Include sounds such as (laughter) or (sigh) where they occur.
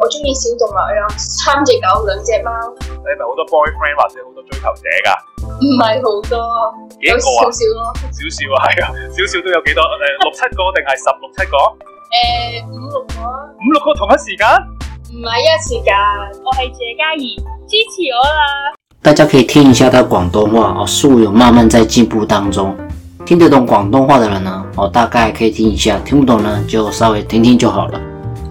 我中意小動物呀，三隻狗，兩隻貓。你係咪好多 boyfriend 或者好多追求者噶？唔係好多，幾多啊？少少咯，少少係啊，少少都有幾多誒， (laughs) 六七個定係十六七個？誒、呃，五六個、啊。五六個同一時間？唔係，一時間，我係謝嘉怡，支持我啦。大家可以聽一下佢廣東話啊，所以我素有慢慢在進步當中。聽得懂廣東話的人呢，我大概可以聽一下；聽不懂呢，就稍微聽聽就好了。